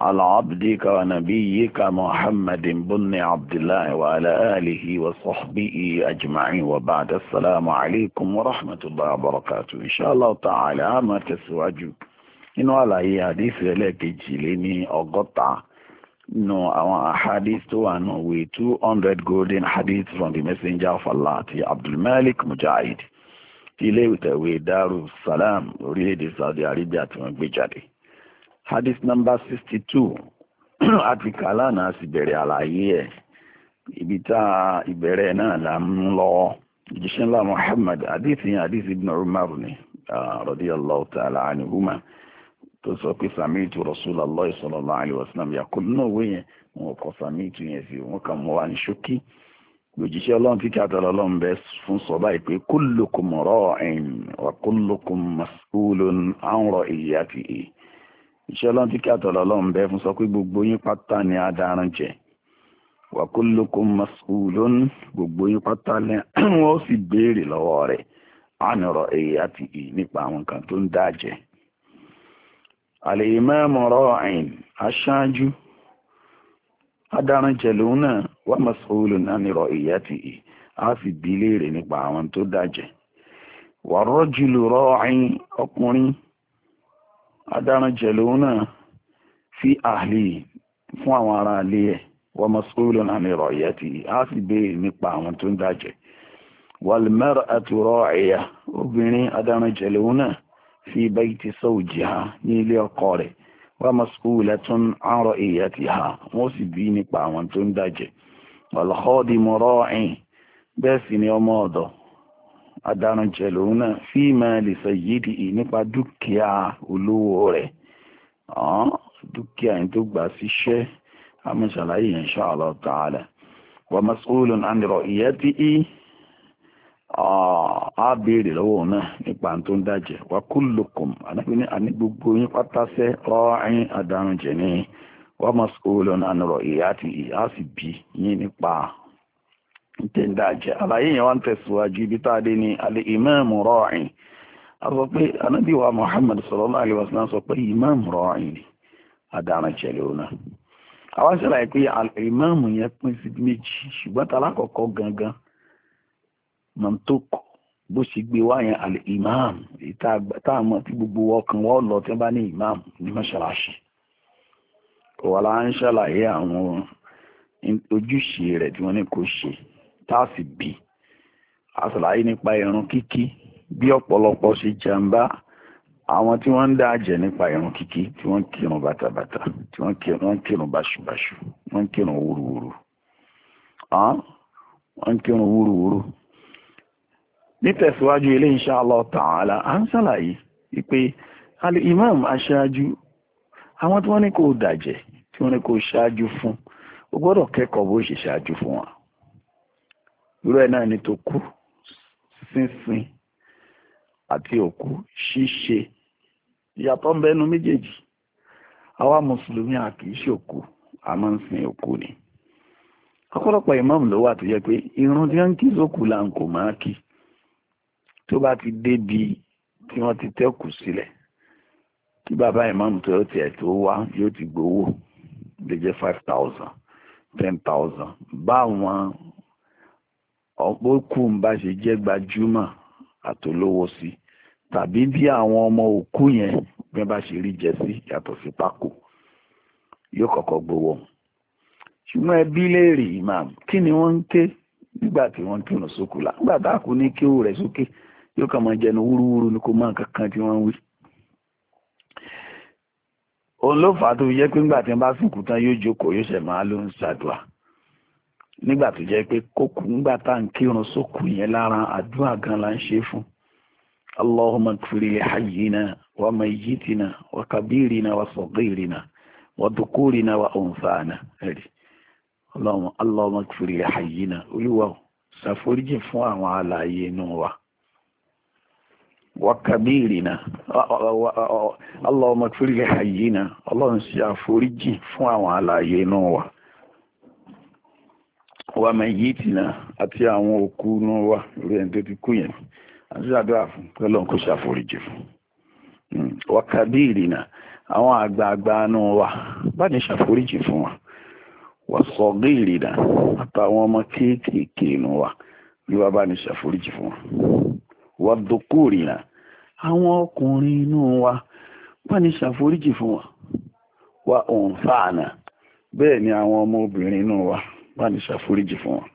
على عبدك ونبيك محمد بن عبد الله وعلى آله وصحبه أجمعين وبعد السلام عليكم ورحمة الله وبركاته إن شاء الله تعالى ما تسواجه إنه على أي حديث لك جليني أغطى no àwọn ahadith tó wà nù wí two hundred golden hadith from the messenger of allah ti abdulmalik mujahid ti ilé ìtẹ̀wé darussalam orílẹ̀-èdè saudi arabia tí wọ́n gbé jáde hadith number sixty two àtìkà lánàá sì bẹ̀rẹ̀ àlàyé ẹ̀ ibi tá ìbẹ̀rẹ̀ náà là ń lọ ìjíṣẹ́ ńlá Muhammad hadith yẹn hadith ibn Umar ni radiyallahu ta'ala anhuma tó sọ pé sami'tu Rasulullah sallallahu alaihi wasallam yaqul náà wé yẹn wọn kọ sami'tu yẹn sí wọn kà mọ́ wa ní ṣókí lòjíṣẹ́ ọlọ́run tí àtàlọ́ ọlọ́run bẹ fún sọ́bà ìpè kullukum ra'in wa kullukum mas'ulun an ra'iyyatihi iṣẹ́ ọlọ́run tí kí àtọ̀lọ́ ọlọ́run fún sọ gbogbo yín pátá ni adarun jẹ wa kullukum gbogbo yín pátá ni wọ́n sì béèrè lọ́wọ́ rẹ̀ ànàrọ̀ èyí àti ì nípa àwọn nǹkan tó ń dá jẹ. al-imamu ra'in aṣáájú adarun jẹ lòun náà èyí àti á sì bí léèrè nípa àwọn tó dá jẹ. adarun jẹ̀lóhùn náà fi àhìlì fún àwọn ará ilé ẹ̀ wọ́n mọ̀ sóòlù náà ní ìrọ̀yẹ́ ti á sì béèrè nípa àwọn tó ń dàjẹ́ wàlmẹ́rẹ̀ àtúrọ̀ ẹ̀yà obìnrin adarun jẹ̀lóhùn náà fi bayti sawjiha ní ilé ọkọ rẹ̀ wọ́n mọ̀ sóòlù tún àrọ̀ ẹ̀yà ti ha wọ́n sì bí nípa àwọn tó ń dàjẹ́ wàlhọ́ọ̀dì mọ̀rọ̀ ẹ̀yìn bẹ́ẹ̀ sì ni ọmọ ọ̀dọ̀ adarun jẹ lòun náà fíìmà lèsà yéèdì ì nípa dúkìá olówó rẹ̀ dúkìá yẹn tó gbà síṣẹ́ amúṣàlàyé insha Allah ta'ala wa mas'ulun an ra'iyatihi á béèrè lọ́wọ́ náà nípa tó ń àní gbogbo yín jẹ ní á sì bí yín nípa tẹ̀ndájẹ́ àlàyé yẹn wá ń ibi tá a dé ní alẹ́ ìmáàmù rọ́ọ̀ìn a sọ pé wa Muhammad sallallahu alaihi sọ pé ìmáàmù ni adarànjẹ́ lónà àwọn ṣàlàyé pé ìmáàmù yẹn pín sí méjì ṣùgbọ́n tá alákọ̀ọ́kọ́ gangan mọ̀ntòkò bó ṣe gbé wá yẹn alẹ́ ìmáàmù èyí tá a mọ̀ tí gbogbo ọkàn wọ́n lọ tí wọ́n bá ní ìmáàmù ní tá a sì bí a ṣàlàyé nípa ìrun kíkí bí ọ̀pọ̀lọpọ̀ ṣe jàǹbá àwọn tí wọ́n ń dá àjẹ́ nípa ìrun kíkí tí wọ́n kírun bàtàbàtà tí wọ́n kírun báṣubàṣu wọ́n kírun wúruwúru wọ́n kírun wúruwúru nítẹ̀síwájú ilé insha Allah ta'ala à ń ṣàlàyé wípé al-imam aṣáájú àwọn tí wọ́n ní kó dàjẹ́ tí wọ́n ní kó ṣáájú fún o gbọ́dọ̀ kẹ́kọ̀ọ́ bó ṣe ṣáájú fún wọn irú ẹ̀ náà ni tó kú sínsìn àti òkú ṣíṣe ìyàtọ̀ ń bẹnu méjèèjì àwa mùsùlùmí a ṣe òkú a máa ń sin òkú ni ọ̀pọ̀lọpọ̀ ìmáàmù ló wà tó yẹ pé irun tí wọ́n ń kí sókù là ń kò máa kí tó bá ti débi tí wọ́n ti tẹ́kù sílẹ̀ kí bàbá ìmáàmù tó yọ tiẹ̀ tó wá yóò ti gbowó lè jẹ́ five thousand ten thousand báwọn ọ̀pọ̀ kù ń bá ṣe jẹ́ gbajúmọ̀ àtolówó sí tàbí bí àwọn ọmọ òkú yẹn bí wọ́n bá ṣe rí jẹ sí yàtọ̀ sí pákó yóò kọ́kọ́ gbowó ṣùgbọ́n ẹbí léèrè imam kí ni wọ́n ń ké nígbà tí wọ́n ń kírun sókùlà nígbà tá a kò ní kéwù rẹ̀ sókè yóò kàn máa jẹnu wúruwúru ni kò mọ nǹkan tí wọ́n ń wí. òun ló fà á tó fi jẹ́ pé nígbà tí wọ́n bá sìnkú tán yóò jókòó yóò ṣẹ̀ máa ló ń ṣàdùà nígbà tó jẹ́ pé kókù ńgbà tá à ń kírun sókù yẹn lára àdúrà gan la ń ṣe fún allahumma kfiri li hayyina wa mayyitina wa kabirina wa saghirina wa dukurina wa unthana ẹ̀rí allahumma allahumma kfiri li hayyina olúwa ṣàforíjì fún àwọn alààyè inú wa wa kabirina allahumma kfiri li hayyina ọlọ́run ṣe fún àwọn alààyè inú wa wa mọ èyí tìǹà àti àwọn òkú inú wa lórí ẹni tó ti kú yẹn àti àdúrà fún pẹ̀lú ọ̀nkó ṣàforíjì fún hmm. wa kábíìrì na àwọn àgbààgbà inú wa bá ní ṣàforíjì fún wa wa sọ̀gìrì náà àtàwọn ọmọ kéékèèké inú wa bí wàá bá ní ṣàforíjì fún wa wa dókòrì náà àwọn ọkùnrin inú wa bá ní ṣàforíjì fún wa wa òǹfàànà bẹ́ẹ̀ ni àwọn ọmọ obìnrin wa bá ní ṣàforíjì fún wọn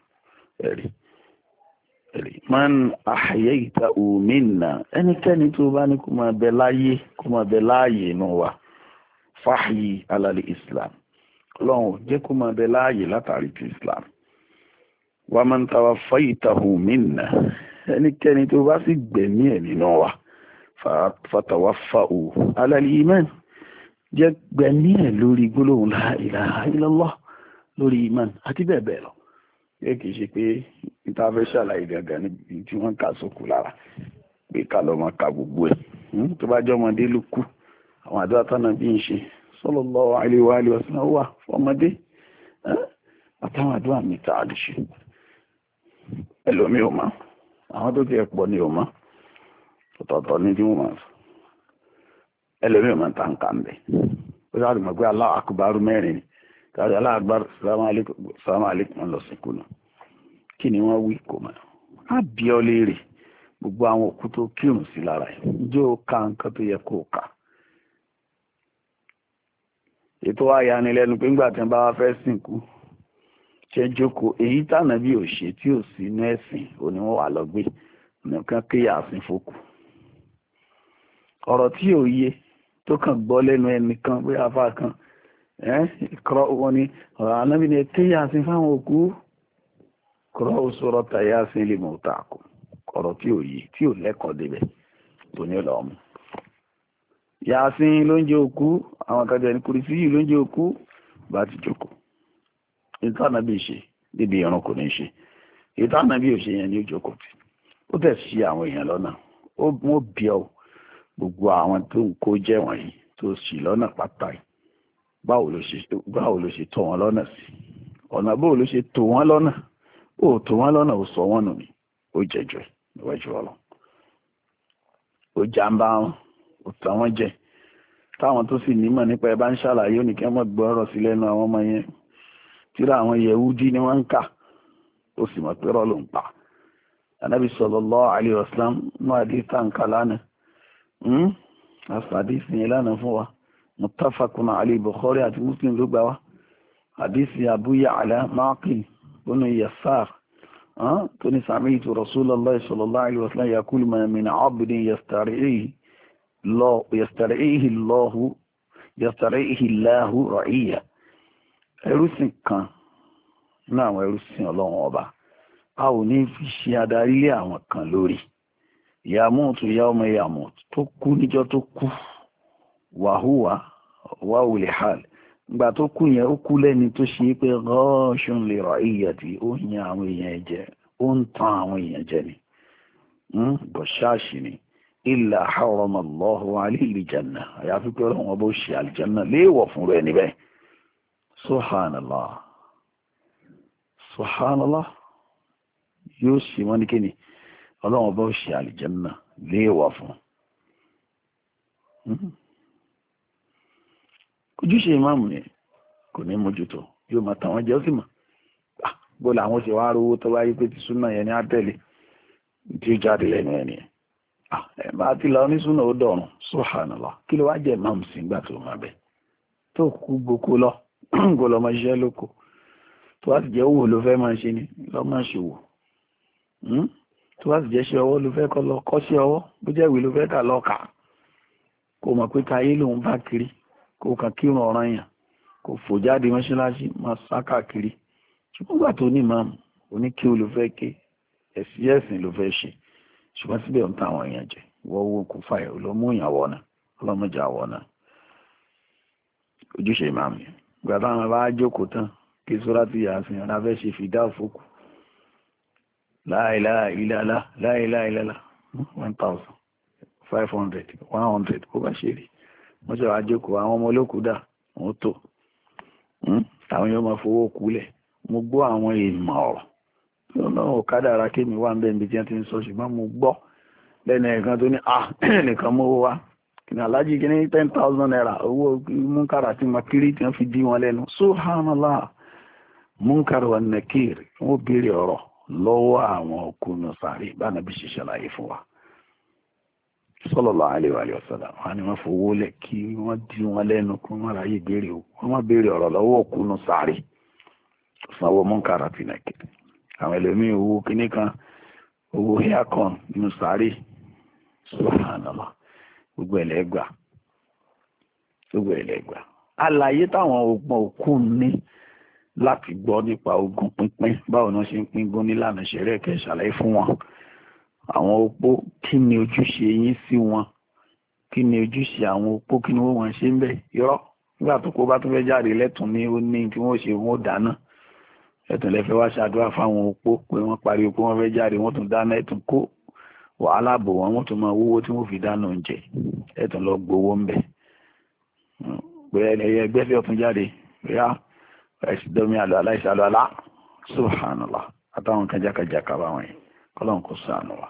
ẹ̀rí ẹ̀rí man àhàyẹ́yìta òmìnira ẹnikẹ́ni tó bá ní kó máa bẹ láyé kó máa bẹ láàyè inú wa fáhì alàlẹ́ islam ọlọ́run jẹ́ kó máa bẹ láàyè látàrí ti islam wa man tawaffayta òmìnira ẹnikẹ́ni tó bá sì gbẹ̀mí ẹ̀ nínú wa fàtàwáfà ò alàlẹ́ imán jẹ́ gbẹ̀mí ẹ̀ lórí gbólóhùn la ilaha illallah lórí iman àti bẹ́ẹ̀ bẹ́ẹ̀ lọ yẹ kìí ṣe pé níbi tí wọ́n lára pé ká máa ka gbogbo ẹ̀ hmm? ọmọdé ló kú àwọn àdúrà tánà bí ṣe fọmọdé eh? àtàwọn àdúrà mi a lè ṣe ẹlòmíì ti ni ò mọ ní tí máa sọ ò mọ tá n kà ń ó sáré pé ni. sáré aláàgbára sàmà àlékún lọ sìnkú náà kí ni wọ́n wí kò mọ̀ á bí ọ léèrè gbogbo àwọn òkú tó kírun sí lára ẹ̀ njẹ́ o ka nǹkan tó yẹ kó o kà ètò ayanilẹ́nu pé ńgbà tí wọ́n bá wá fẹ́ sìnkú ṣe jókòó èyí tànà bí ò ṣe tí ò sí inú òní wọ́n wà lọ nìkan kéèyà àsìn fòkù ọ̀rọ̀ tí ò yé tó kàn gbọ́ lẹ́nu ẹnìkan bóyá afá kan. kọrọ eh? wọn ọ̀rọ̀ anábì ni ẹ̀kẹ́ yàásín fáwọn òkú kọ́rọ̀ òṣòro tàyàásín lè mọ̀ tààkù ọ̀rọ̀ tí ò yìí tí ò lẹ́kọ̀ọ́ débẹ̀ tó ní ọ̀lọ́ ọmọ yàásín ló ń jẹ òkú àwọn kájà ní kùrìsì yìí ti jókòó gbogbo báwo ló ṣe tọ́ wọn lọ́nà sí ọ̀nà báwo ló ṣe tọ́ wọn lọ́nà ó tọ́ wọn lọ́nà ó sọ wọn nù ni ó jẹjọ níwájú ọlọ ó jàǹbá wọn ó tàn wọn jẹ táwọn tó sì nímọ̀ nípa ẹ bá ń ṣàlàyé ó ní kí wọ́n gbọ́ ọ̀rọ̀ sí lẹ́nu àwọn ọmọ yẹn tíra àwọn yẹ̀wúdí ni wọ́n ń kà ó sì mọ̀ pé rọ́ọ̀lù ń pa anabi sallallahu alaihi wasallam mú àdìsá ń kà lánàá hmm? àṣà àdìsí yẹn lánàá fún wa muttafaqun alayhi bukhari àti muslim ló gbà wá hadisi abu ya'la maqil bunu yasar ah, tó ní sami'tu rasulullahi sallallahu alayhi wa sallam yaqulu ma min abdin yastari'ihi llahu yastari'ihi llahu ra'iya ẹrúsìn kan ní àwọn ẹrúsìn ọlọ́run ọba a ò ní fi ṣe adarí lé àwọn kan lórí ìyàmú tó yá ọmọ ìyàmú tó kú níjọ́ tó kú wàhúwàá wá òwúlẹ̀ hàl gbà tó kú yẹn ó kú lẹ́ni tó ṣe pé rọ́ọ̀ṣùn lè rọ̀ ìyàtì ó yan àwọn èèyàn jẹ ó ń tan àwọn èèyàn jẹ ni hmm? bọ̀ṣáàṣì ni ilà àhárọ̀mọ̀ lọ́hùn alílì jẹ̀nà àyàfi pé ọlọ́run ọba ó ṣe àlìjẹ̀nà léèwọ̀ fún rẹ̀ níbẹ̀ sọ́hánàlá yóò ṣe wọ́n ní kíni ọlọ́run ọba ó ṣe àlìjẹ̀nà léèwọ̀ fún hmm? ojúṣe ìmáàmù yẹn kò ní mójútó yóò máa tàwọn jẹ́ ó sì mọ̀ ah, bó làwọn ṣe wáá rówó tó bá yí pé ti súnà yẹn ní àtẹ̀lé tí ó jáde lẹ́nu ẹ̀ nìyẹn ah, ẹ máa ti la onísúnà ó dọ̀rùn subhanallah kí ló wá jẹ́ ìmáàmù sí ìgbà tó máa bẹ̀ tó kú gboko lọ kó lọ máa ṣiṣẹ́ lóko tó wá sì jẹ́ òwò ló fẹ́ máa ṣe ni lọ́ máa ṣòwò hmm? tó wá sì jẹ́ ṣe ọwọ́ ló fẹ́ kọ́ lọ kọ́ sí ọwọ́ bó jẹ́ ìwé ló fẹ́ kà lọ́ọ̀kà kò mọ̀ pé tayé lòun bá kiri kó kàn kírun ọ̀ràn yàn kó fò jáde mọ́ṣáláṣí máa sá káàkiri ṣùgbọ́n gbà tó ní ìmáàmù oní kí o ló fẹ́ ké ẹ̀sìn ẹ̀sìn ló fẹ́ ṣe ṣùgbọ́n síbẹ̀ ń ta àwọn èèyàn jẹ wọ́n wo kò fà yẹ ló mú èèyàn wọ̀ náà ọlọ́mọjà wọ̀ náà ojúṣe ìmáàmù yẹn gbà táwọn bá jókòó tán kí sọ́ra ti yà á sìn ọ̀nà fẹ́ ṣe fìdá òfókù láìláà ìlàlá láìláà ìlàlá one thousand five hundred one hundred kó bá ṣe rí wọ́n ṣe wàá jókòó àwọn ọmọ wọ́n tó hmm? àwọn yóò máa fowó kulẹ̀ mo gbọ́ àwọn ìmọ̀ ọ̀rọ̀ lọ́nà ọ̀kadà ara kémi wà ń bẹ́ẹ̀ níbi tí wọ́n ti ń sọ ṣùgbọ́n mo gbọ́ lẹ́nu ẹ̀kan tó ní ah, naira owó múnkàrà tí kiri tí wọ́n fi wa nàkìrì wọ́n ọ̀rọ̀ lọ́wọ́ àwọn sàrí bá wa. sallallahu alaihi wa sallam wọn ni wọn fowó lẹ kí wọn di wọn lẹ́nu kí wọn ráyè béèrè o wọn má béèrè ọ̀rọ̀ lọ́wọ́ òkúnu sáré sanwó mọkàrà tìǹkì àwọn ẹlòmíín owó kínní kan owó haircon nínú sáré subhanallah gbogbo ẹlẹgbà gbogbo ẹlẹgbà àlàyé táwọn ọgbọ́n òkú ní láti gbọ́ nípa ogún pínpín báwo ni wọn ṣe ń pín ogún nílànà ìṣẹ̀lẹ̀ kẹsàlẹ fún wọn àwọn opó kí ni ojúṣe yín sí wọn kí ni ojúṣe àwọn opó kí ni wọ́n ṣe ń bẹ̀ yọ́ nígbà tó kó bá tún fẹ́ jáde lẹ́tùn ní ó ní tí wọ́n ṣe wọ́n dáná ẹ̀tùn lẹ́fẹ́ wá ṣàdúrà fáwọn opó pé wọ́n parí opó wọ́n fẹ́ jáde wọ́n tún dáná ẹ̀tùn kó wàhálà bò wọ́n wọ́n tún máa wówó tí wọ́n fi dáná oúnjẹ ẹ̀tùn lọ gbowó ń bẹ̀ pé ẹ̀yẹ ẹgbẹ́ fẹ́ jáde bóyá ẹ̀sìn dọ́mi àlọ́ aláìsàlọ́ alá subhanallah àtàwọn kan jákàjákà báwọn yìí kọ́lọ́n kò sànù wa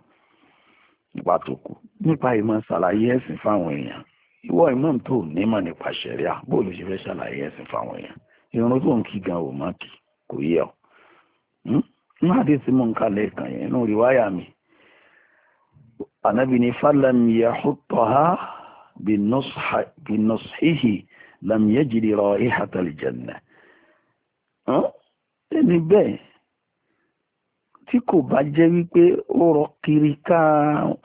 nípa tó kù nípa ìmọ̀ ṣàlàyé ẹ̀sìn fáwọn èèyàn ìwọ imam tó nímọ̀ nípa ṣẹ̀ríà bó ló ṣe fẹ́ ṣàlàyé ẹ̀sìn fáwọn èèyàn irun tó ń kí gan ò mọ́ kí kò yẹ ọ. ní àdéhùn mọ̀ nǹkan lẹ́ẹ̀kan yẹn inú rìwáyà mi ànábì ní fàlàmìyà hótọ́há bínọ́síhì làmìyà jìdí ìhàtàlì jannah. Hmm? ẹni bẹ́ẹ̀ tí kò bá jẹ́ wípé ó rọ kiri ká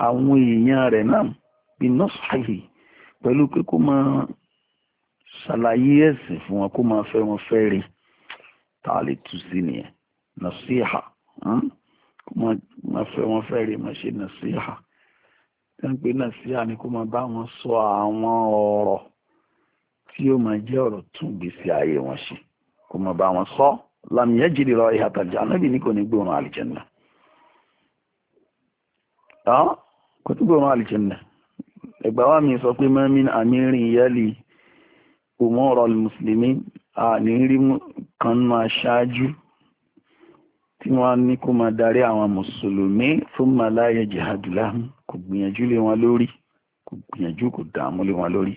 àwọn èèyàn rẹ̀ náà bí nọ́ọ̀sì pẹ̀lú pé kó máa ṣàlàyé ẹ̀sìn fún wọn kó máa fẹ́ wọn fẹ́ rí tá lè tú sí nìyẹn nasiha hm? kó máa fẹ́ wọn fẹ́ rí máa ṣe nasiha tí wọ́n pe ni kó máa bá wọn sọ àwọn ọ̀rọ̀ tí ó máa jẹ́ ọ̀rọ̀ tún gbèsè ayé wọn ṣe kó máa bá wọn sọ. So làmìyẹ́ jìrì rọ ìhà tàjà anábì ní kò ní gbóòrùn àlìjẹ́nà kò tí gbóòrùn àlìjẹ́nà ẹgbà wa mi sọ pé mẹ́rin àmìrin yẹ́lì òmọ́rọ̀ mùsùlùmí a ní rí kan ma ṣáájú tí wọ́n ní kó máa darí àwọn mùsùlùmí fún màláyé jihadùlá kò gbìyànjú lé wọn lórí kò gbìyànjú kò dààmú lé wọn lórí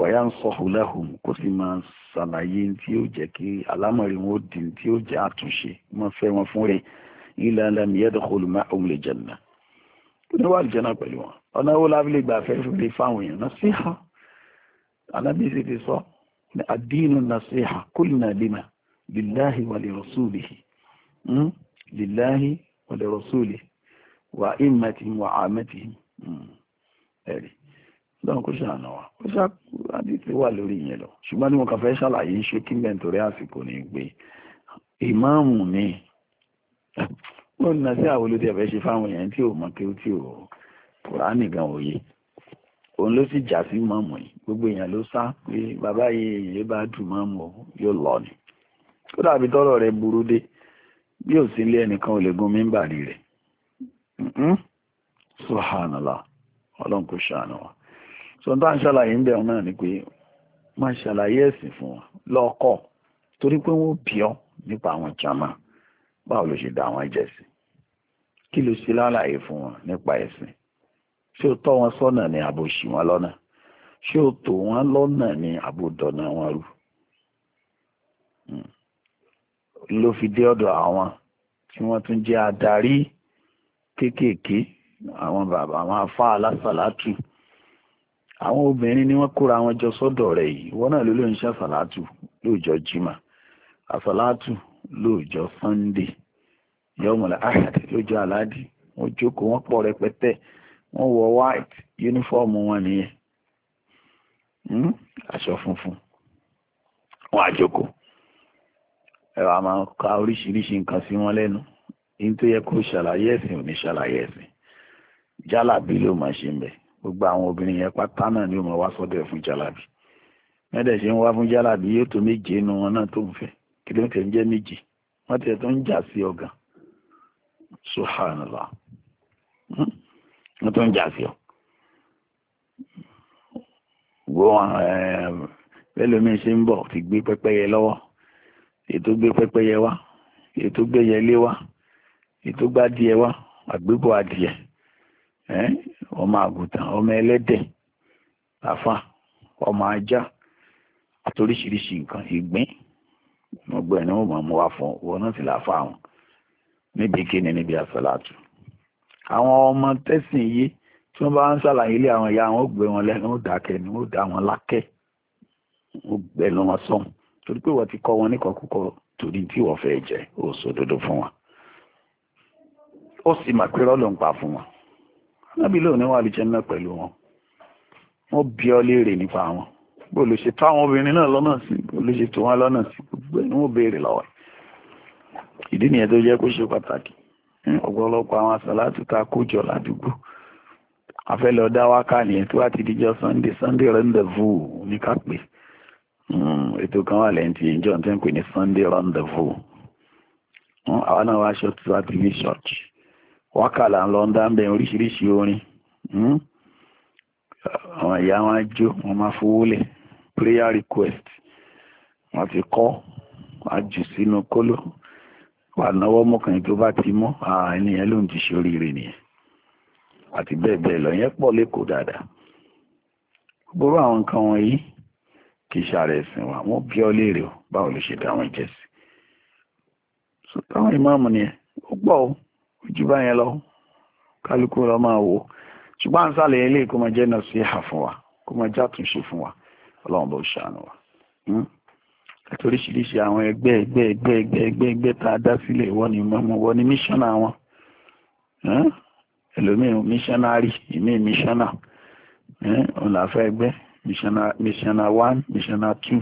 wọ̀yá ń sọ̀hù lẹ́hùn kó sì máa ṣàlàyé tí ó jẹ́ kí alámọ̀rí wọn ó dì tí ó jẹ́ àtúnṣe wọ́n fẹ́ wọn fún rẹ̀ ilẹ̀ alẹ́mi yẹ́dọ̀ kó lùmọ́ òun lè jẹ̀ nà ní wàá lè jẹ́nà pẹ̀lú wọn ọ̀nà owó lábílẹ̀ gbà fẹ́ fi fáwọn èèyàn náà síhà anábì sì ti sọ àdínú náà síhà kúlìnà lima lillahi wa li rasulihi hmm? lillahi wa li rasulihi wa immatihim wa amatihim hmm. ẹ̀rí lọ́nà kó ṣàánà wa ó ṣáàdì tí wà lórí ìyẹn lọ ṣùgbọ́n ní wọn kàn fẹ́ ṣàlàyé ṣé kí n bẹ̀ nítorí àsìkò ní pé ìmáàmù ni wọn nà sí àwọn olóde ẹ̀fẹ́ ṣe fáwọn èèyàn tí ò mọ kí ó tí ò kùránì gan òye òun ló sì jà sí mọ́mù yìí gbogbo èèyàn ló sá pé bàbá yìí èèyàn bá dùn mọ́mù yóò lọ ni ó dàbí tọrọ rẹ burú dé bí ò sí ilé ẹnìkan ò lè gun mímbàrí rẹ subhanallah ọlọ́run kò ṣàánú wa so tá à ń ṣàlàyé ń bẹ̀rù náà ni pé má ṣàlàyé ẹ̀sìn fún wọn lọ́kọ̀ torí pé wọ́n bí ọ nípa àwọn jama báwo ló ṣe dá àwọn jẹ̀sìn kí ló ṣe lálàyé fún wọn nípa ẹ̀sìn ṣé o tọ́ wọn sọ́nà ni àbò ṣì wọn lọ́nà ṣé o tò wọn lọ́nà ni àbò dọ̀nà wọn rú hmm. ló fi dé ọ̀dọ̀ àwọn tí wọ́n tún jẹ́ adarí kéékèèké àwọn bàbá àwọn afá alásàlátù àwọn obìnrin ni wọ́n kóra wọn jọ sọ́dọ̀ rẹ̀ yìí wọ́n náà ló ló ń ṣe àsàlátù lóòjọ́ jimá àsàlátù lóòjọ́ sunday yọmọlẹ ahad lóòjọ́ aládì wọ́n jókòó wọ́n pọ̀ rẹpẹtẹ wọ́n wọ white uniform wọn nìyẹn hmm? aṣọ funfun wọ́n àjókòó ẹwà máa ka oríṣiríṣi nǹkan sí wọn lẹ́nu ní tó yẹ kó ṣàlàyé ẹ̀sìn ò ní ṣàlàyé ẹ̀sìn jálàbí ló máa ṣe ń bẹ́ẹ̀. gbogbo àwọn obìnrin yẹn pátá náà ni ó wá sọ́dọ̀ fún jálàbí mẹ́tẹ̀ ṣe ń wá fún jálàbí yóò tó méje inú wọn náà tó ń fẹ́ kí ló ń ń jẹ́ méje hmm? wọ́n tó ń jà sí ọ̀gàn tó ń jà sí ọ. Ehm, bẹ́ẹ̀ ṣe ń bọ̀ ti gbé lọ́wọ́ ètò gbé wá ọmọ àgùntàn ọmọ ẹlẹ́dẹ̀ àfà ọmọ ajá àtoríṣiríṣi nǹkan ìgbín gbogbo ẹ̀ ní máa mú wá fún wọn náà sì láfa àwọn níbi kíni níbi àsàlátù àwọn ọmọ tẹ́sìn yìí tí wọ́n bá ń ṣàlàyé ilé àwọn ìyá wọn ó gbé wọn lẹ́nu ó dákẹ́ ni ó dá wọn lákẹ́ ó gbẹ̀nu wọn sọ̀n torí pé wọ́n ti kọ́ wọn níkọ̀ọ́kọ́ torí tí wọ́n fẹ́ jẹ́ ó sòdodo fún wọn ó sì mà pé rọ́ọ̀lù pa fún wọn nábìlẹ̀ òní wà lìjẹ́ náà pẹ̀lú wọn wọ́n bí ọ léèrè nípa wọn bó ló ṣe tó àwọn obìnrin náà lọ́nà sí bó ló ṣe tó wọn lọ́nà sí gbogbo ẹni wọ́n béèrè lọ́wọ́ ìdí nìyẹn tó jẹ́ kó ṣe pàtàkì ọ̀pọ̀lọpọ̀ àwọn àsàlátù tá a kó jọ ládùúgbò afẹ́lẹ̀ ọ̀dá wa ká nìyẹn tó wá ti díjọ́ sunday sunday rendezvous ní ká pè hmm, ètò kan wà lẹ́yìn tí ìjọ tó ń pè ní sunday rendezvous àwọn náà wá aṣọ tó wá ti ní ṣọ́ọ̀ṣì wákàlà ń lọ ń dá ń bẹ oríṣiríṣi orin hmm? àwọn ìyá wọn jó wọn máa fowó prayer request wọn ti kọ́ àjù sínú kóló wà náwó mọ́kànlá tó bá ti mọ́ ẹni yẹn ló ń ti ṣe oríire nìyẹn àti bẹ́ẹ̀ bẹ́ẹ̀ lọ yẹn pọ̀ lẹ́kọ̀ọ́ dáadáa gbogbo àwọn nǹkan wọ̀nyí kì í ṣàrẹ̀ ẹ̀sìn wa wọ́n bí ọ léèrè o báwo ló ṣe dá àwọn ìjẹ́sí so táwọn ìmáàmù nìyẹn ó gbọ́ o ojú bá yẹn lọ kálukú lọ máa wò ṣùgbọ́n à ń sàlẹ̀ ilé kó máa jẹ́ náà sí ìhà fún wa kó máa já túnṣe fún wa ọlọ́run bó ṣàánú wa hmm? àti oríṣiríṣi àwọn ẹgbẹ́ ẹgbẹ́ ẹgbẹ́ ẹgbẹ́ ẹgbẹ́ ẹgbẹ́ tá a dá sílẹ̀ ìwọ ni mọ́mọ́ wọ ni míṣánná wọn ẹlòmíì míṣánárì ìmíì míṣánná òun là fẹ́ ẹgbẹ́ míṣánná one míṣánná two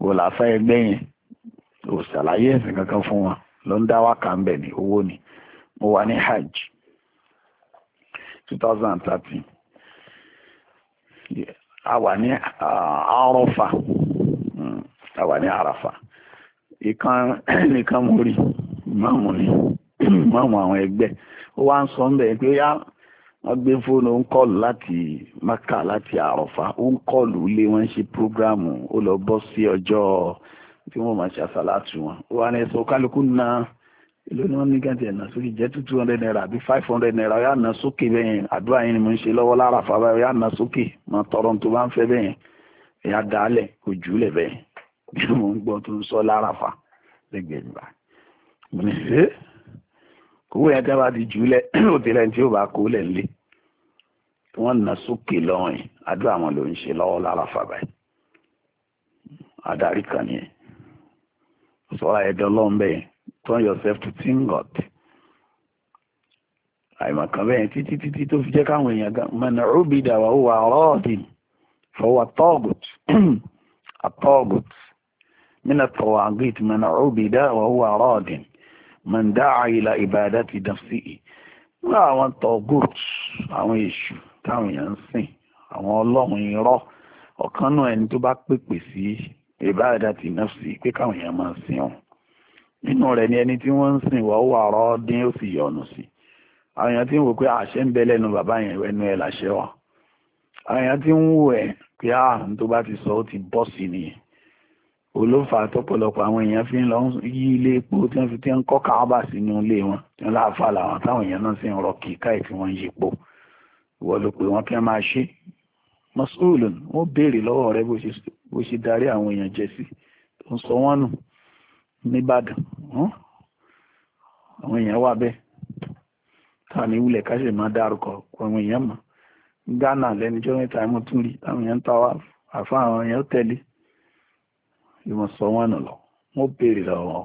òun là fẹ́ ẹgbẹ́ yẹn ò ṣàlàyé ẹ̀sìn kankan fún wọn ló ń dá wákà ń bẹ̀ ní owó ni. ụwa wà ní hajj 2013 a wà ní uh, hmm. a ni àwọn ẹgbẹ́ ó sọ ń bẹ̀ pé wọ́n gbé fóònù láti maka láti àròfà ó ń ṣe ó lọ bọ́ sí ọjọ́ tí wọ́n máa ṣe wọn ní èló ni wọ́n ní gàǹtì ẹ̀nà sókè jẹ́ two two hundred naira àbí five hundred naira ọ̀yà àná sókè bẹ́yẹn àdúrà yẹn ni mo ń ṣe lọ́wọ́ lára fàbá ọ̀yà àná sókè mọ tọrọ tó bá ń fẹ́ bẹ́yẹn ẹ̀yà dálẹ̀ kò jù ú lẹ̀ bẹ́yẹn bí mo ń gbọ́ tó ń sọ lára fà lẹ́gbẹ̀ẹ́ nígbà mo yẹn tẹ́ bá ti jù lẹ̀ ó ti rẹ̀ tí ó bá kó lẹ̀ ńlẹ̀ wọ́n ná sókè lọ́wọ́ lára fàbá turn yourself to God àìmọ̀kan bẹ́ẹ̀ títí títí tó fi jẹ́ káwọn èèyàn gan mọ̀nà rúbìdà wà wà rọ́ọ̀dì fọwọ́ tọ́ọ̀gùt àtọ́ọ̀gùt mínà tọ̀wọ̀ àgbìt mọ̀nà rúbìdà wà wà rọ́ọ̀dì mọ̀ndá àyílà ìbàdà ti dàn sí i wọ́n àwọn tọ́ọ̀gùt àwọn èṣù táwọn èèyàn ń sìn àwọn ọlọ́run irọ́ ọ̀kan náà ẹni tó bá pèpè sí ìbàdà ti dàn sí i pé káwọn nínú rẹ̀ ni ẹni tí wọ́n ń sìn wọ́n wà rọ́ dín ó sì yọ̀nù sí àwọn èèyàn tí ń wò pé àṣẹ ń bẹ lẹ́nu bàbá yẹn ẹnu ẹ̀ làṣẹ wà àwọn èèyàn tí ń wò ẹ̀ pé àrùn tó bá ti sọ ó ti bọ́ sí nìyẹn olófà tọ́pọ̀lọpọ̀ àwọn èèyàn fi ń lọ yí ilé epo tí wọ́n fi ti ń kọ́ káábà sínú ilé wọn tí wọ́n láàfà làwọn táwọn èèyàn náà sì ń rọ kíkà ẹ̀ tí wọ́n ń yípo ìwọ ló pé wọ́n kí máa ṣe mọ́sùlùmí wọ́n béèrè lọ́wọ́ rẹ bó ṣe darí àwọn èèyàn jẹ sí tó ń sọ wọ́n nù nìbàdàn àwọn èèyàn wà bẹ́ẹ̀ ta ní wulẹ̀ ká ṣe máa dárúkọ àwọn èèyàn mọ̀ Ghana lẹ́nijọ́ mẹ́ta mo tún rí àwọn èèyàn ń ta wá àfa àwọn èèyàn tẹ̀lé ìmọ̀ sọ wọn nù lọ wọ́n béèrè lọ́wọ́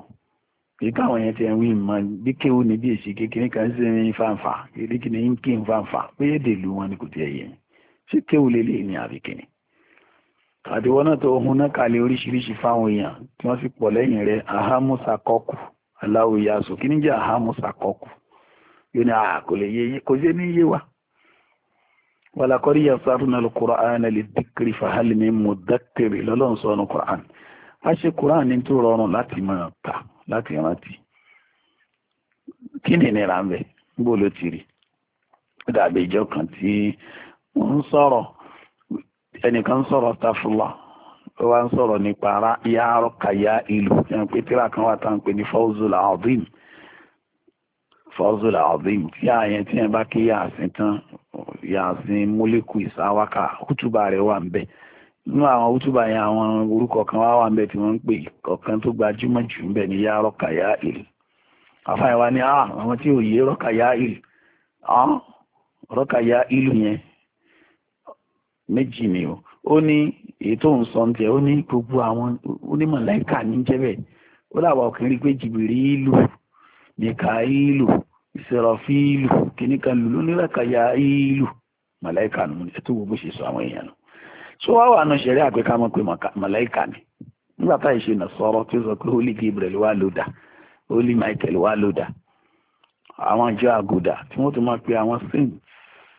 èyí káwọn èèyàn ti ẹ̀ wí mọ́ bí kéwù ní bí èsì kékeré kan sí ní fàǹfà kékeré kí ni ń kí ń fàǹfà pé èdè ìlú wọn ni kò tiẹ̀ yé mi ṣé kéwù lélẹ́yìn ni àbí kìnnì àdìwọ́ náà tó ohun náà kàlẹ̀ oríṣiríṣi fáwọn èèyàn tí wọ́n sì pọ̀ lẹ́yìn rẹ̀ ahámúsàkọ́kù aláwo ìyàsò kí ní yóò ní lè yé kò ní yé wa. a ṣe Qur'an ní tó rọrùn láti máa kà láti rántí. kí ni ìnira ń bẹ níbo ló dàbí ìjọ ẹnìkan sọ̀rọ̀ tafula ó wá ń sọ̀rọ̀ nípa ara ya ya ìlú ẹn pé tíra kan wà tá ń pè ní fawzul azim fawzul azim tí àyẹn tí yẹn bá kí yàásín tán yàásín múlẹ́kù ìsáwáka hútùbà rẹ̀ wà ń bẹ̀ nínú àwọn hútùbà yẹn àwọn orúkọ kan wà ń tí wọ́n ń pè kọ̀ọ̀kan tó ń ya arọ́ka ya ìlú àfàìwá ni ah, àwọn tí ò yé ya ìlú ah, méjì ni o ó ní èyí tó ń sọ tiẹ̀ ó ní gbogbo àwọn onímọ̀lẹ́kà ní jẹ́bẹ̀ ó làwọn ọkùnrin pé jìbìrì ìlú nìka ìlú ìṣẹ̀rọ̀fí ìlú kìnnìkan lù lónírẹ̀kàyà ìlú mọ̀lẹ́kà nù sọ àwọn èèyàn nù so wá wà nù àpẹká mọ̀ pé mọ̀lẹ́kà ni nígbà tá ìṣe nà sọ̀rọ̀ sọ pé holy Gabriel wà holy Michael wà lódà àwọn àgùdà tí saint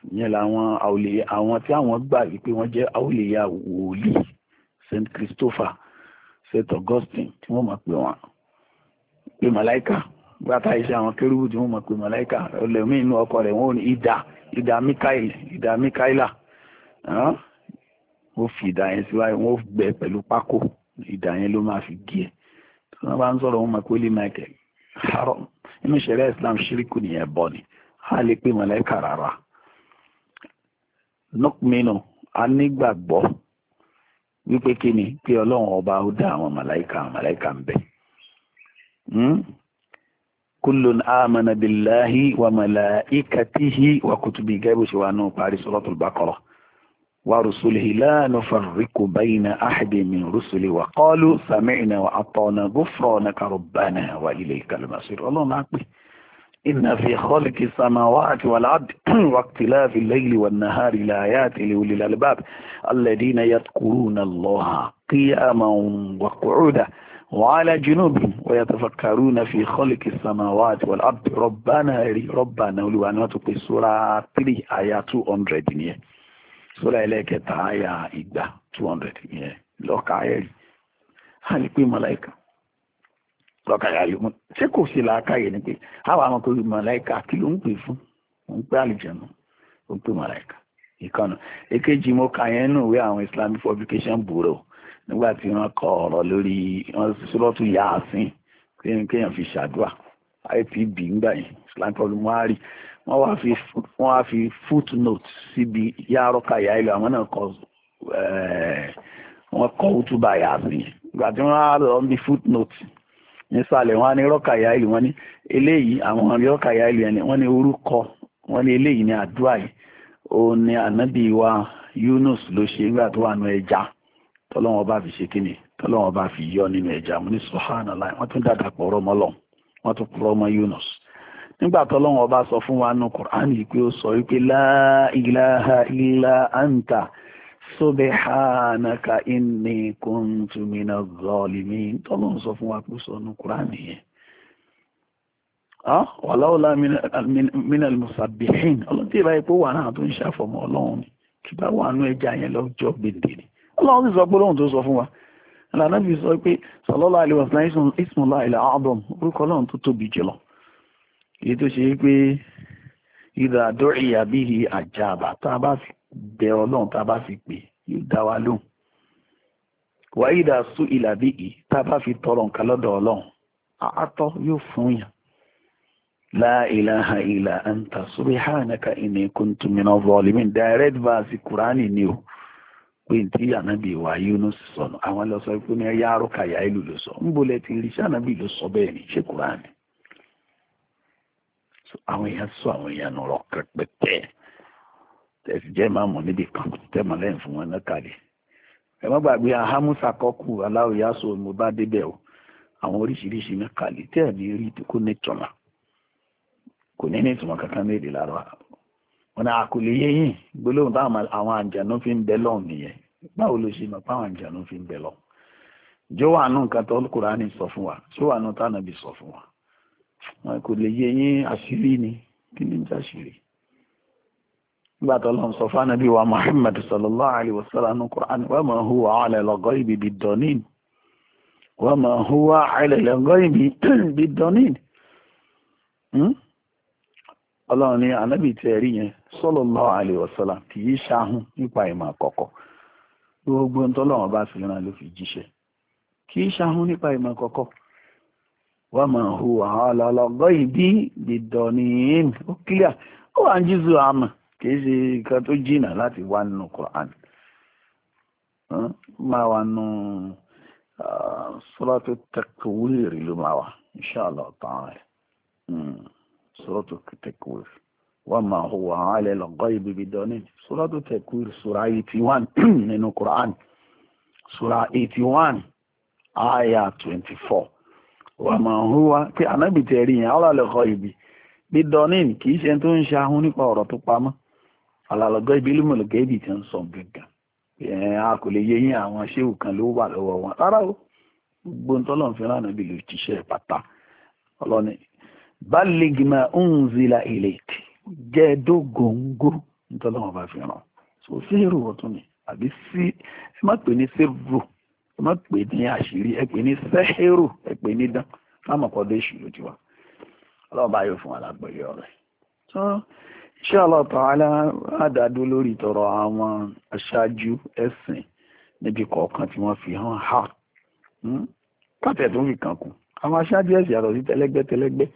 ìyẹn làwọn àwòlè àwọn tí àwọn gbà wípé wọ́n jẹ́ ya wòlíì Saint Christopher Saint Augustine tí wọ́n mọ̀ pé wọ́n pé màláìka gbàtà iṣẹ́ àwọn kérúbù tí wọ́n mọ̀ pé màláìka ọlẹ́mí inú ọkọ rẹ̀ wọ́n ní ìdá ìdá Mikael ìdá Mikaela wọ́n fi ìdá yẹn síwájú wọ́n gbẹ pẹ̀lú pákó ìdá yẹn ló máa fi gé ẹ̀ tí wọ́n bá ń sọ̀rọ̀ wọ́n mọ̀ pé ó Michael haram inú ìṣẹ̀lẹ̀ Islam ṣíríkù nìyẹn bọ́ ni a lè pé màláìka rárá nukminu a nígbàgbọ́ wípé kí ni pé ọlọ́run ọba ó dá àwọn màláìka àwọn màláìka ń bẹ. Hmm? kullun amana billahi wa malaikatihi wa kutubi gẹ́gẹ́ ṣe wà nù parí suratul baqara wa rusulihi la nufarriqu bayna ahadin min rusuli wa qalu sami'na wa ata'na ghufranaka rabbana wa ilayka al-masir ọlọ́run á pè é إن في خلق السماوات والأرض واختلاف الليل والنهار لآيات لأولي الألباب الذين يذكرون الله قياما وقعودا وعلى جنوبهم ويتفكرون في خلق السماوات والأرض ربنا ربنا ولوانا تقول سورة 3 آية 200 سورة إليك تعايا إقدا 200 نيه لو كايري هل يكون ملائكة lọ́kàyà yìí mọ́ ṣé kò sí làákàyè ni pé àwọn àwọn akọ̀wé màláìka kí ló ń pè fún ń pè àlùjẹ̀nu ó ń pè màláìka ìkànnà èkejì mo kà yẹn nù wé àwọn Islamic publication bureau nígbà tí wọ́n kọ ọ̀rọ̀ lórí wọ́n sọ́lọ́tún yaasin kéèyàn fi ṣàdúrà IPB ńgbà yẹn Islamic public wọ́n á rí wọ́n wá fi wọ́n á fi footnote síbi yàrọ́kà yà ìlú àwọn náà kọ eh, wọ́n kọ òtúbà yaasin ìgbà tí wọ́n á lọ bí footnote nísàlẹ̀ wọn á ní rọ́kàyà ìlú wọn ní eléyìí àwọn rọ́kàyà ìlú yẹn wọn ní orúkọ wọn ní eléyìí ní àdúrà yìí òun ni ànábì wa Yunus ló ṣe nígbà tó wà nù ẹja tọ́lọ́wọ́n bá fi ṣe kíni tọ́lọ́wọ́n bá fi yọ nínú ẹja mo ní subhanallah wọ́n tún dàda pọ̀ ọmọ lọ wọ́n tún pọ̀ ọmọ Yunus nígbà tọ́lọ́wọ́n bá sọ fún wa nù Kùránì pé ó sọ wípé la ilaha illa anta subhanaka inni kuntu minaz zalimin tọ́lọ́ ń sọ fún wa kó sọ ní kúránì yẹn ah, wàláwọ́lá minal musabbihin ọlọ́tí ìbá ipò wà náà tó ń ṣàfọ̀mọ́ ọlọ́run ni kí bá wà nú ẹja yẹn lọ́jọ́ gbèdè ni ọlọ́run sì sọ pé lóhun tó sọ fún wa ìlànà bí sọ pé sallallahu alaihi wasallam ismùlá ilẹ̀ adam orúkọ ọlọ́run tó tóbi jùlọ èyí tó ṣe pé ìdá àdóríyà àjàbà tá a bá fi bẹ ọlọ́run tá a bá fi pè yóò dá wa lóhùn wàyídà a bá fi tọrọ nǹkan lọ́dọ̀ ọlọ́run àátọ́ yóò fún yàn la ilaha ila anta subhanaka inni kuntu minaz zalimin direct verse kùránì ni o pé tí ànábì Yunus sọnù àwọn sọ pé ní ìlú ló sọ ń bolẹ̀ ló sọ bẹ́ẹ̀ ni ṣé kùránì àwọn èèyàn sọ àwọn tẹ̀sí jẹ́ ìmáàmù níbi kan tẹ̀mọ́ lẹ́yìn fún wọn náà kàlẹ̀ ẹ má gbàgbé ahamusa kọ́kù aláwòyá so mo bá débẹ̀ o àwọn oríṣiríṣi ní kàlẹ̀ tẹ́ ẹ̀ ní rí kó ní tọ̀nà kò ní ní ìtumọ̀ kankan ní èdè lára wọn ni àkùlé yéyìn gbólóhùn táwọn àwọn àǹjànú fi ń bẹ lọ́hùn nìyẹn báwo ló ṣe mọ̀ páwọn àǹjànú fi ń bẹ lọ́hùn jówàánú nǹkan tó Kùránì sọ fún wa jówàánú tánàbì sọ fún wa kò lè yéyìn àṣírí ni kí ni ń ṣàṣírí nígbà tó lọ́n sọ fún anabi wa muhammad sallallahu alayhi wa sallam ní quran wa ma huwa ala al-ghaybi bid-danin wa ma huwa ala al-ghaybi bid-danin hmm? ọlọ́run ní anábì tí ẹ rí yẹn sallallahu alayhi wa sallam kì í ṣáhùn nípa ìmọ̀ àkọ́kọ́ gbogbo ń tọ́lọ́run bá fi rán ló fi jíṣẹ́ kì ṣáhùn nípa ìmọ̀ àkọ́kọ́ wa ma huwa ala al-ghaybi bid ó kílíà ó wà ń jízu àmọ́ kìí ṣe nǹkan tó jìnnà láti wá nínú Qur'an máa wà nù suratu Takwir ló máa wà insha Allah ta'ala hmm. suratu Takwir wa ma huwa 'ala al-ghaybi bidanin suratu Takwir sura eighty one nínú Qur'an sura eighty one aya twenty four wa ma huwa kí anábìtẹ̀ rí yẹn 'ala al-ghaybi bidanin kìí ṣe tó ń ṣe ahun nípa ọ̀rọ̀ tó pamọ́ alàlọ́gọ́ ìbílùmọ̀ ló gẹ́bì tí ń sọ gàngàn a kò lè yẹyìn àwọn ṣéwù kan ló wà lọ́wọ́ wọn rárá o gbogbo ń tọ́lọ́ fi ránà bí ló jíṣẹ́ pátá ọlọ́ni bálẹ̀gìmà ń zila ìlẹ̀kì jẹ́ ń tọ́lọ́ wọn bá fi ràn so sírù ọ̀tún ni àbí sí ẹ má pè ní sírù ẹ má pè ní àṣírí ẹ pè ní sẹ́hẹ́rù ẹ pè ní dán fáwọn ọkọ̀ dé ìṣù lójú wa ọlọ́ọ̀bá yóò fún wa lágbẹ̀yẹ inshallah ta'ala àdádó lórí tọrọ àwọn aṣáájú ẹ̀sìn níbi kọ̀ọ̀kan tí wọ́n fi hàn ha káfíà tó ń fi kàn kún àwọn aṣáájú ẹ̀sìn yàtọ̀ sí tẹ́lẹ́gbẹ́tẹ́lẹ́gbẹ́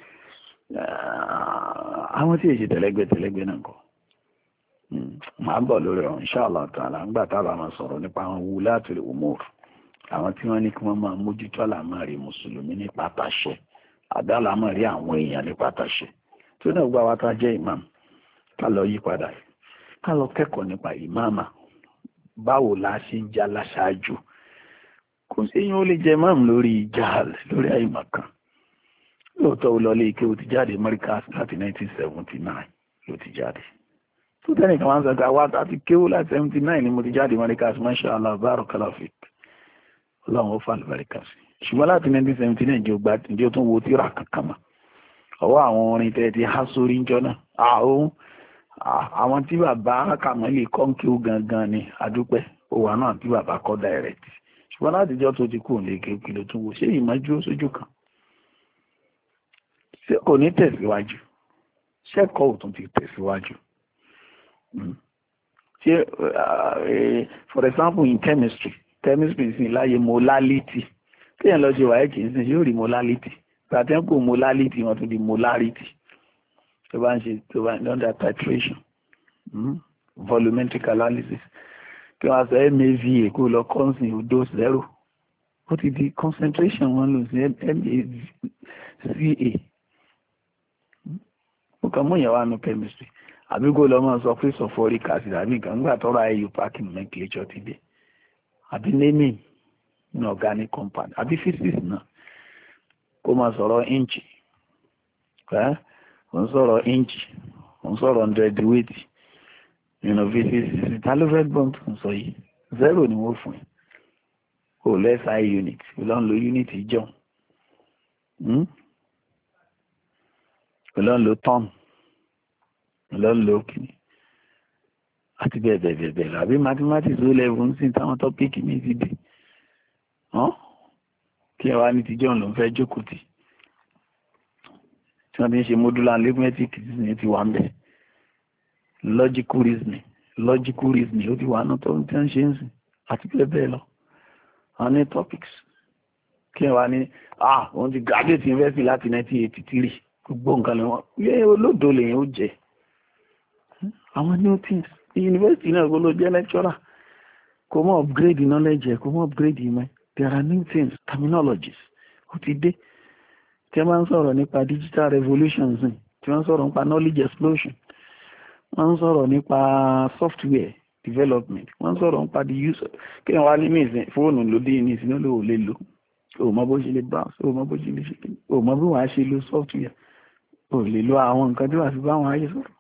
ah, àwọn tí èsì tẹ́lẹ́gbẹ́tẹ́lẹ́gbẹ́ náà kọ́ hmm, màá bọ̀ lórí ọ̀rọ̀ inshallah ta'ala ńgbà tábà máa sọ̀rọ̀ nípa àwọn wulatul umur àwọn tí wọ́n ní kí wọ́n máa mójútó àlámọ̀rí mùsùlùmí ní pàtàṣẹ àbí àlámọ̀rí àwọn èèyàn ní pàtàṣẹ tó náà gbọ́ àwọn tá a jẹ́ ká lọ yí padà ká lọ kẹ́kọ̀ọ́ nípa ìmáàmà báwo la ṣe ń jà láṣáájú kò séyìn ó lè jẹ máàmù lórí ìjà lórí àìmọ̀ kan lóòótọ́ ó lọlé ike ó ti jáde mọ́ríkàs láti 1979 ló ti jáde tó tẹ́nì kan máa ń sọ pé àwa àti kéwó láti 79 ni mo ti jáde mọ́ríkàs masha allah barakallahu fik ọlọ́run ó fà lùbáríkà sí ṣùgbọ́n láti 1979 jẹ́ ògbà tí ó tún wo tíra kankan mọ́ ọwọ́ àwọn orin tẹ́ ti há sórí ń jọ náà àwọn Ah, àwọn tí bàbá kàmọ́lì kọ́ńkì ó gangan ni adúpẹ́ òwà náà tí bàbá kọ́ direct ṣùgbọ́n láti jọ́ tó ti kù ní èké kí ló tún wo ṣé ìmọ̀jú sójú kan ṣé kò ní tẹ̀síwájú ṣẹ́kọ̀ọ́ ò tún ti tẹ̀síwájú hmm. ṣé ah, eh, for example in chemistry chemistry sì láyé molality kéèyàn lọ ṣe wáyé kì í sìn yóò rí molality gbàtẹ́ńkù molality wọn tún di molarity tó bá ń ṣe tó bá ń under titration hmm? volumetric analysis kí wọ́n sọ mava kó lọ consin odo zero ó ti di concentration wọn lò sí mava ó kàn mú ìyàwó àánú chemistry àbí kó lọ máa sọ pé sulfuric acid àbí nǹkan nígbà tọrọ iu packing nomenclature ti dé àbí naming ní organic compound àbí physics náà kó máa sọ̀rọ̀ inch. Eh? ò ń sọ̀rọ̀ inch ò ń sọ̀rọ̀ hundred weight nínú fífíìsì ta ló fẹ́ gbọ́n tó ń sọ yìí zero ni wọ́n fún ẹ o lẹ́sà unit o lọ́n lo unit jọun o hmm? lọ́n lo ton o lọ́n lo kìíní àti bẹ́ẹ̀ bẹ́ẹ̀ bẹ́ẹ̀ bẹ́ẹ̀ àbí mathematics ó lẹ́wọ̀n sí táwọn tọ́píìkì mi ti dé kí ẹ wá ní tijọ́ ló ń fẹ́ jókòó tì tí wọ́n ti ń ṣe modular arithmetic reasoning ti wà ń bẹ̀ logical reasoning logical reasoning ó ti wà nù tó ń tẹ́ ń ṣe ń sìn àti bẹ́ẹ̀ bẹ́ẹ̀ lọ àwọn ní topics kí wà ní ah òun ti graduate university láti 1983 gbogbo nǹkan lẹ́wọ̀n yẹ olódo lèyìn ó jẹ àwọn new things university náà kó ló jẹ́ lecturer kò mọ̀ upgrade knowledge ẹ̀ kò mọ̀ upgrade ìmọ̀ there are new things terminologies ó ti dé tí wọ́n sọ̀rọ̀ nípa digital revolutions tí wọ́n sọ̀rọ̀ nípa knowledge explosion wọ́n ń sọ̀rọ̀ nípa software development wọ́n ń sọ̀rọ̀ nípa the use kí wọ́n wá ní nísìn fóònù lóde nísìn ló lò lè lò o mọ bó ṣe lè browse o mọ bó ṣe lè ṣe o mọ bí wàá ṣe lo software o lè lo àwọn nǹkan tí wàá fi bá wọn ayé sọ̀rọ̀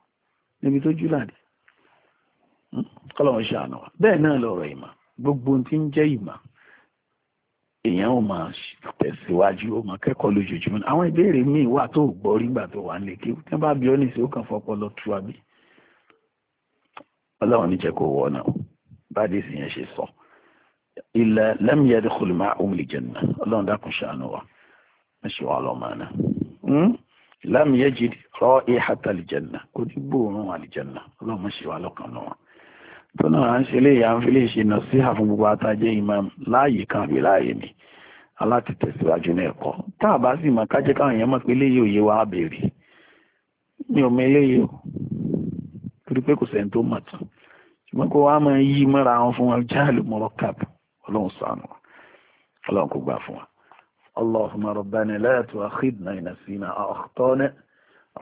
níbi tó jù láde hmm? kọ́lọ́run ṣàánú wa bẹ́ẹ̀ náà lọ̀rọ̀ ìmọ̀ gbogbo ohun tí ń jẹ́ ìmọ̀ èèyàn ò máa tẹ̀síwájú ó máa kẹ́kọ̀ọ́ lójoojúmọ́ àwọn ìbéèrè míì wà tó gbọ́ rígbà tó wà nílé kí wọ́n bá bí ọ́ nìṣe ó kàn fọpọlọ tú àbí ọlọ́run níjẹ́ kó wọ náà báde sì yẹn ṣe sọ ilẹ̀ lẹ́mìíyà dé kòlùmá òmìnir jẹ̀nà ọlọ́run dákun ṣàánú wa ẹ ṣe wà lọ́mọ náà lẹ́mìíyà jìdí rọ́ ìhàtà àlìjẹ̀nà kò ní gbóòórùn àlìjẹ̀nà ọlọ́run ṣe wà lọ́kàn náà tó náà à ń ṣe léyà ń fi lè ṣe nà sí àfún gbogbo atajẹ́ imam láàyè kan àbí láàyè mi aláti tẹ̀síwájú ní ẹ̀kọ́ tá a bá sì mọ̀ kájẹ́ káwọn èèyàn mọ̀ pé léyè òye wa á mi ò mọ eléyè o torí pé kò sẹ́ni tó mọ̀ tán ṣùgbọ́n kó wá máa yí mọ́ra wọn fún wọn jáàlú mọ́rọ́ kàp ọlọ́run sànù ọlọ́run kò gbà fún wa. اللهم ربنا لا تؤاخذنا إن نسينا أو أخطأنا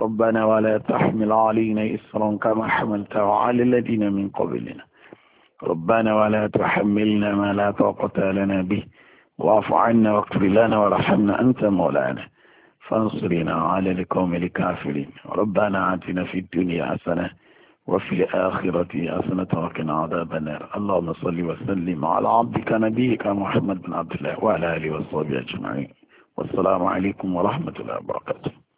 ربنا ولا تحمل علينا إسرا كما حملته على الذين من قبلنا ربنا ولا تحملنا ما لا طاقة لنا به واعف عنا واغفر لنا وارحمنا أنت مولانا فانصرنا على القوم الكافرين ربنا آتنا في الدنيا حسنة وفي الآخرة حسنة وقنا عذاب النار اللهم صل وسلم على عبدك نبيك محمد بن عبد الله وعلى آله وصحبه أجمعين والسلام عليكم ورحمة الله وبركاته